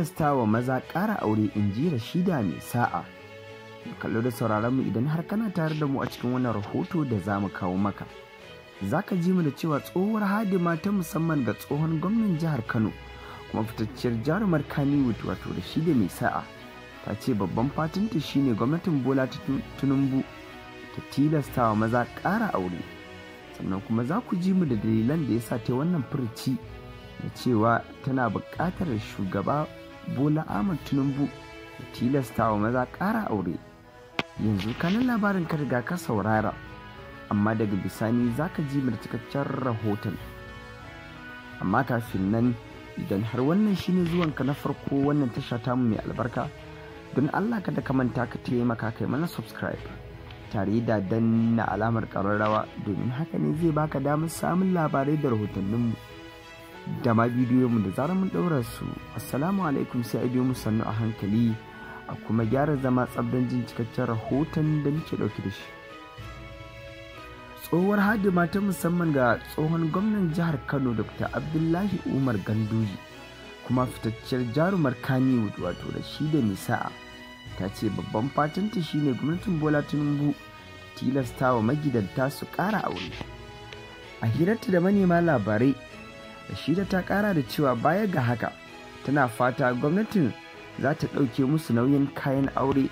tilasta wa maza kara aure in ji Rashida mai sa'a. Kallo da sauraron mu idan har kana tare da mu a cikin wannan rahoto da za mu kawo maka. Za ka ji mu da cewa tsohuwar hadima ta musamman ga tsohon gwamnan jihar Kano kuma fitacciyar jarumar Kannywood wato Rashida mai sa'a. Ta ce babban fatinta shine gwamnatin Bola Tinubu ta tilasta wa maza kara aure. Sannan kuma za ku ji mu da dalilan da ya sa ta wannan furci. da cewa tana buƙatar shugaba bola ahmad tinubu da tilasta wa maza ƙara aure yanzu kanin labarin ka riga ka saurara amma daga bisani za ka ji cikakken rahoton amma kafin nan idan har wannan shine zuwanka na farko wannan tasha tamu mai albarka don allah da ka manta ka taimaka kai mana subscribe tare da danna alamar ƙararrawa domin haka ne zai baka damar samun labarai da rahotanninmu da ma bidiyoyinmu da zarar mun ɗaura su assalamu alaikum sai a biyo mu sannu a hankali a kuma gyara zama tsabdan jin cikakken rahoton da muke ɗauki da shi tsohuwar hadima ta musamman ga tsohon gwamnan jihar kano dr abdullahi umar ganduji kuma fitacciyar jarumar kani wato da shi da nisa'a ta ce babban fatanta shine gwamnatin bola tinubu tilasta wa magidanta su ƙara aure a hirarta da manema labarai shida ta kara da cewa baya ga haka tana fata gwamnatin za ta ɗauke musu nauyin kayan aure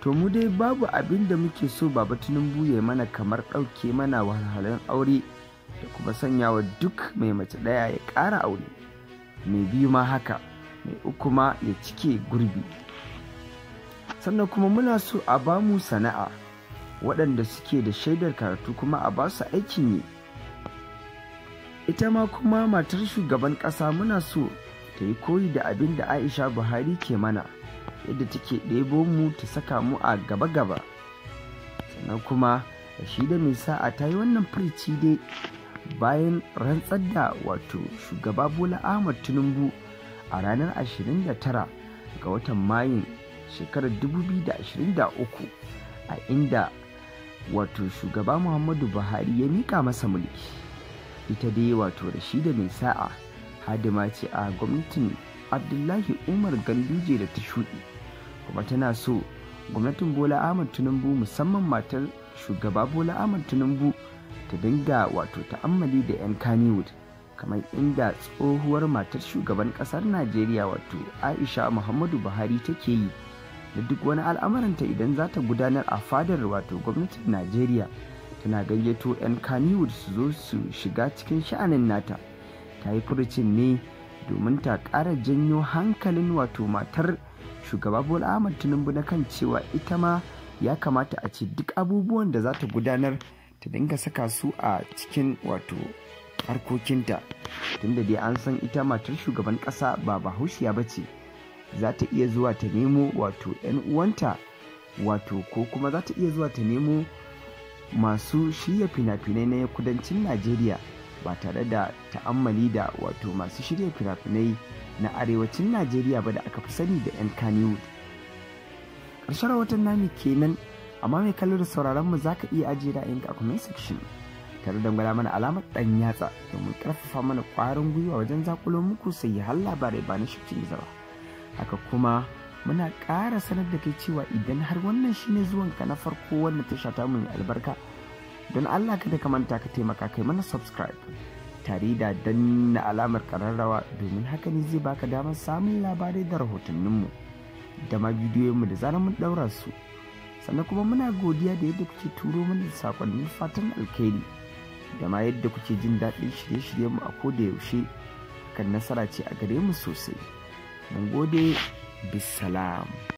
to mu dai babu abin da muke so ba batunin ya mana kamar ɗauke mana wahalhalun aure da kuma sanya wa duk mai mace ɗaya ya ƙara aure mai biyu ma haka mai uku ma ya cike gurbi sannan kuma muna so a bamu sana'a waɗanda suke da shaidar karatu kuma a ba su aikin yi ita ma kuma matar shugaban ƙasa muna so ta yi koyi da abin da aisha buhari ke mana yadda take ɗebo mu ta saka mu a gaba-gaba sannan kuma shi da mai sa'a ta yi wannan firci dai bayan rantsar da wato shugaba bola ahmad tinubu a ranar 29 ga watan mayun shekarar 2023 a inda wato shugaba muhammadu buhari ya mika masa mulki ita dai wato rashida mai sa'a hadima ce a gwamnatin abdullahi umar ganduje da ta shuɗi kuma tana so gwamnatin bola ahmad tinubu musamman matar shugaba bola ahmad tinubu ta dinga wato ta'ammali da 'yan kaniwood kamar inda tsohuwar matar shugaban kasar najeriya wato aisha muhammadu buhari take yi da duk wani al'amuranta idan za ta gudanar a fadar wato gwamnatin najeriya tana gayyato 'yan kaniwood su zo su shiga cikin sha'anin nata ta yi furucin ne domin ta ƙara janyo hankalin wato matar shugaba bola ahmad tinubu na kan cewa ita ma ya kamata a ce duk abubuwan da za ta gudanar ta dinga saka su a cikin wato harkokinta tunda dai an san ita matar shugaban ƙasa ba hushiya ba ce za ta iya zuwa ta nemo wato 'yan uwanta wato ko kuma za ta iya zuwa ta nemo masu shirya fina-finai na kudancin najeriya ba tare da ta'ammali da wato masu shirya fina-finai na arewacin najeriya ba da aka fi sani da 'yan kaniwood ƙarshen rahoton nami kenan amma mai kallo da sauraron mu zaka iya ajiye ka a comment section tare da gwada mana alamar ɗan yatsa domin karfafa mana kwarin gwiwa wajen zakulo muku sai har labarai ba na shirin zaba haka kuma muna ƙara sanar da kai cewa idan har wannan shine zuwanka na farko wannan tasha ta mu albarka don Allah kada ka manta ka taimaka kai mana subscribe tare da danna alamar kararrawa domin haka ne zai baka damar samun labarai da rahotanninmu da ma bidiyoyinmu da zarar mun daura su sannan kuma muna godiya da yadda kuke turo mana sakonnin fatan alkhairi da ma yadda kuke jin daɗin shirye-shiryenmu a koda yaushe kan nasara ce a gare mu sosai mun gode Bisalam.